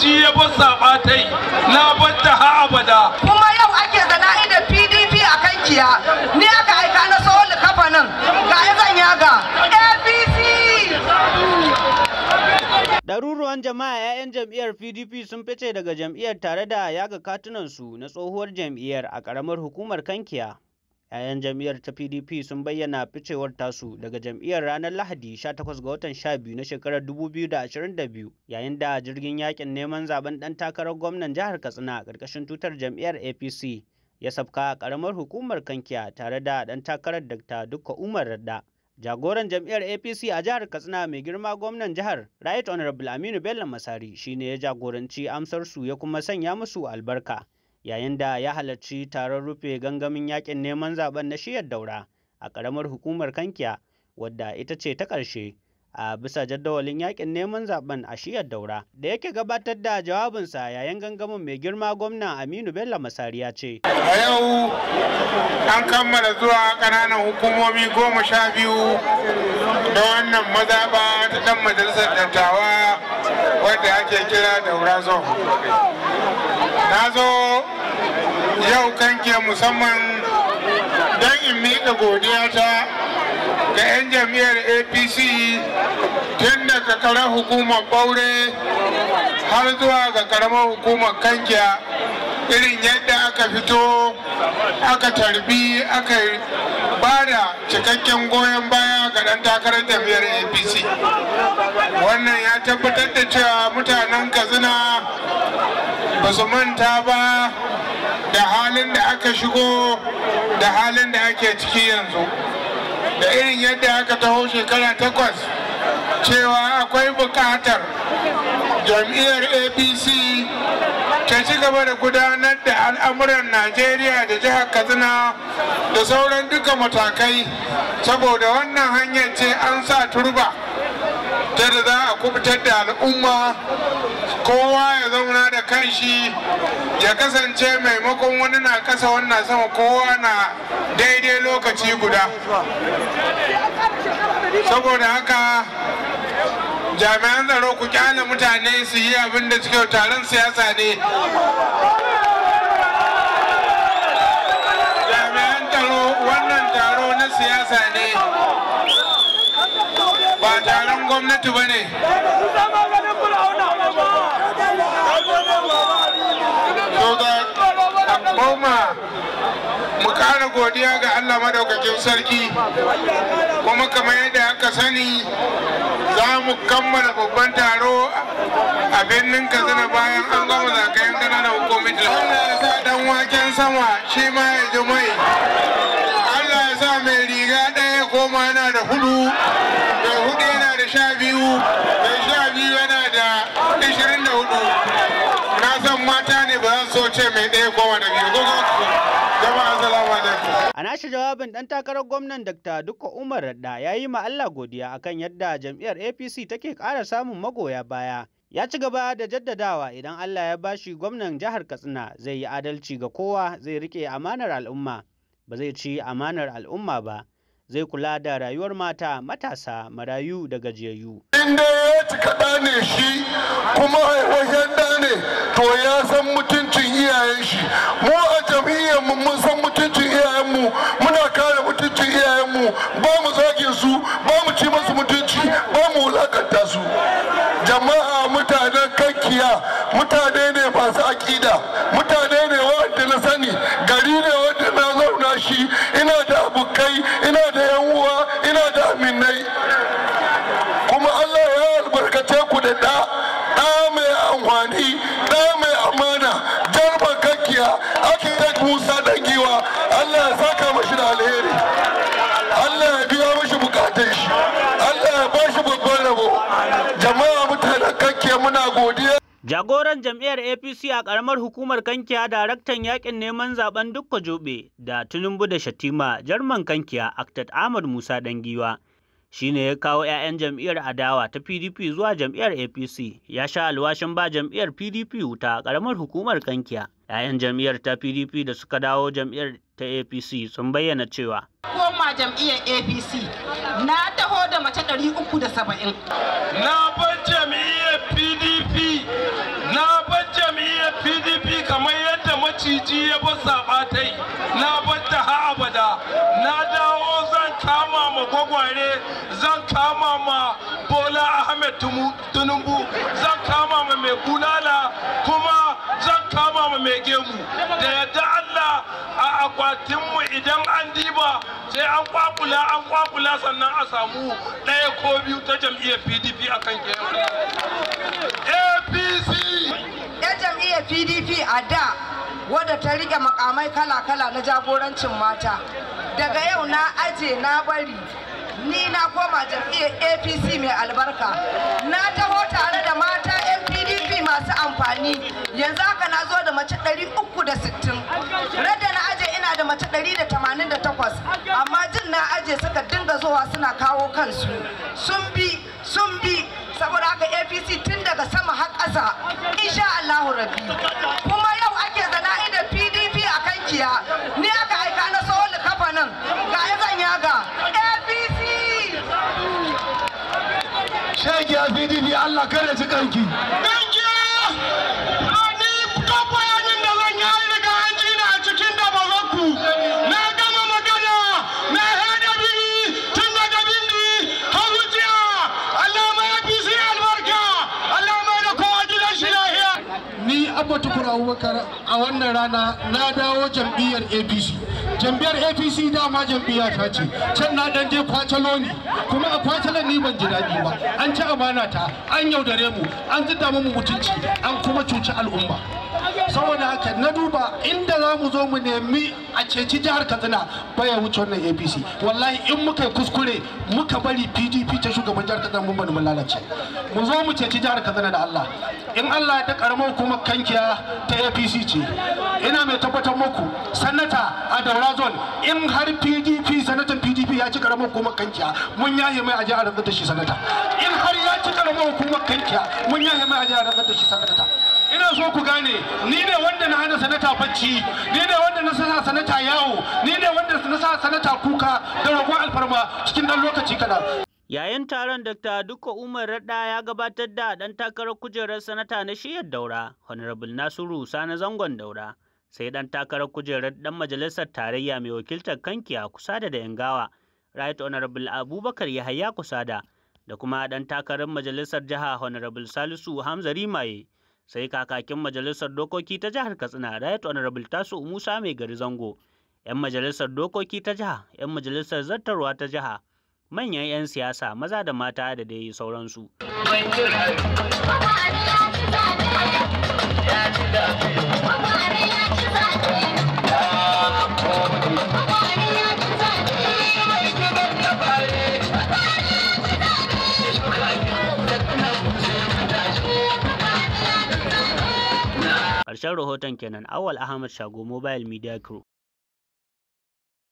ji ya bar zaɓa ta yi na bar ta ha abada. kuma yau ake zana'i da pdp a kankiya ni aka aika na tsohon kafa nan ga zan yaga apc Ɗaruruwan jama'a 'ya'yan jam'iyyar PDP sun fice daga jam'iyyar tare da yaga katunansu na tsohuwar jam'iyyar a ƙaramar hukumar Kankiya. 'ya'yan jam'iyyar ta pdp sun bayyana ficewar tasu daga jam'iyyar ranar lahadi 18 ga watan 12 na shekarar 2022 yayin da jirgin yakin neman zaben dan takarar gwamnan jihar katsina karkashin tutar jam'iyyar apc ya sabka karamar hukumar kankiya tare da dan takarar dr dukka umar radda jagoran jam'iyyar apc a jihar katsina mai girma gwamnan jihar right honorable aminu bello masari shine ya jagoranci amsar su ya kuma sanya musu albarka yayin da ya halarci taron rufe gangamin yakin neman zaben na shiyar daura a ƙaramar hukumar kankiya wadda ita ce ta ƙarshe a bisa jadawalin yakin neman zaben a shiyar daura da yake gabatar da jawabinsa yayin gangamin mai girma gwamna aminu bello Masariya ce a yau an kammala zuwa ƙananan hukumomi goma sha biyu da wannan mazaba ta ɗan majalisar dattawa ake kira da na zo yau kanke musamman don in miƙa godiya ta ga 'yan jami'ar apc tun daga karar hukumar ɓaure har zuwa ga karamar hukumar kankiya irin yadda aka fito aka tarbi aka bada cikakken goyon baya ga ɗan takarar tafiyar apc wannan ya tabbatar da cewa mutanen kazina ba su manta ba da halin da aka shigo da halin da ake ciki yanzu da irin yadda aka taho shekara takwas cewa akwai bukatar jam'iyyar apc ci gaba da gudanar da al'amuran najeriya da jihar katsina da sauran duka matakai saboda wannan hanyar ce an sa turba ta da za a kubutar da al'umma kowa ya zauna da kanshi ya kasance maimakon wani na kasa wannan sama kowa na daidai lokaci guda saboda haka jami'an tsaro ku kyale mutane su yi abin da suke taron siyasa ne jami'an tsaro wannan taro na siyasa ne ba taron gwamnati ba ne mu ƙara godiya ga Allah madaukakin sarki kuma kamar yadda aka sani za mu kammala babban taro a birnin Katsina bayan an gama zagayen ƙananan hukumin Allah ya sa dan waken sama shi ma ya ji mai Allah ya sa mai riga ɗaya koma yana da hudu mai hudu yana da sha biyu mai sha biyu yana da ishirin da hudu na san mata ne ba zan so ce mai ɗaya da biyu nashi jawabin ɗan takarar gwamnan Dr. Dukko Umar Radda ya yi ma Allah godiya akan yadda jam'iyyar APC take ƙara samun magoya baya. Ya ci gaba da jaddadawa idan Allah ya bashi gwamnan jihar Katsina zai yi adalci ga kowa zai rike amanar al'umma ba zai ci amanar al'umma ba zai kula da rayuwar mata matasa marayu da gajiyayyu. Inda ya cika ɗa ne shi kuma haihuwar ɗa ne to ya san mutuncin iyayen shi mu a jam'iyyar mun san mutuncin mu muna kare mutuncin iyayenmu ba mu zagin su ba mu ci masu mutunci ba mu wulakanta su jama'a mutanen kankiya mutanen Jagoran jam'iyyar APC a ƙaramar hukumar Kankiya daraktan yakin neman zaɓen duk Jobe da Tinubu da Shatima Jarman Kankiya Aktad Ahmad Musa Dangiwa shi ne ya kawo 'ya'yan jam'iyyar adawa ta PDP zuwa jam'iyyar APC ya sha alwashin ba jam'iyyar PDP wuta a ƙaramar hukumar Kankiya. 'Ya'yan jam'iyyar ta PDP da suka dawo jam'iyyar ta APC sun bayyana cewa. Koma jam'iyyar APC na taho da mace 370. Na bola ahmed Tunubu zan kama ma mai bulala kuma zan kama ma mai gemu da yadda allah a akwatinmu idan an diba sai an kwakula an kwakula sannan a samu ɗaya ko biyu ta jam'iyyar pdp a kan apc ya jam'iyyar pdp a da wadda ta rike makamai kala-kala na jagorancin mata daga yau na aje na bari ni na koma jam'iyyar apc mai albarka na taho tare da mata yan pdp masu amfani yanzu haka na zo da mace 360 rada na aje ina da mace 188 amma jin na aje suka dinga zuwa suna kawo kansu sun bi sun bi saboda haka apc tun daga sama har ƙasa insha allahu rabbi Allah kare ji kanki abba tukur abubakar a wannan rana na dawo jam'iyyar apc jam'iyyar apc dama jam'iyya ta ce can na dan je kwacalo ne kuma a kwacalon ni ban ji daɗi ba an ci amana ta an yaudare mu an zidda mu mutunci an kuma cuci al'umma saboda haka na duba inda za mu zo mu nemi a ceci jihar katsina baya wuce wannan apc wallahi in muka yi kuskure muka bari pdp ta shugaban jihar katsina mun bani mun lalace mu zo mu ceci jihar katsina da allah in allah ta karamo kuma kankiya ta apc ce ina mai tabbatar muku sanata a daura zone in har pdp sanatan pdp ya ci karamo kuma kankiya mun yaye mai a jihar katsina shi sanata in har ya ci karamo kuma kankiya mun yaye mai a jihar katsina shi sanata ina so ku gane ni ne wanda na hana sanata bacci ni ne wanda na sa sanata yawo ni ne wanda na sa sanata kuka da roƙon alfarma cikin ɗan lokaci kada yayin taron dr duka umar radda ya gabatar da ɗan takarar kujerar sanata na shiyar daura honorable nasiru sani zangon daura sai ɗan takarar kujerar ɗan majalisar tarayya mai wakiltar kankiya kusa da yangawa right honorable abubakar yahaya kusada da kuma ɗan takarar majalisar jiha honorable salisu hamza rimaye sai kakakin majalisar dokoki ta jihar katsina right honorable tasu musa mai gari zango 'yan majalisar dokoki ta jiha 'yan majalisar zartarwa ta jiha manyan 'yan siyasa maza da mata da dai sauransu Ƙarshen rahoton kenan, Awal Ahmad Shago, Mobile Media Group.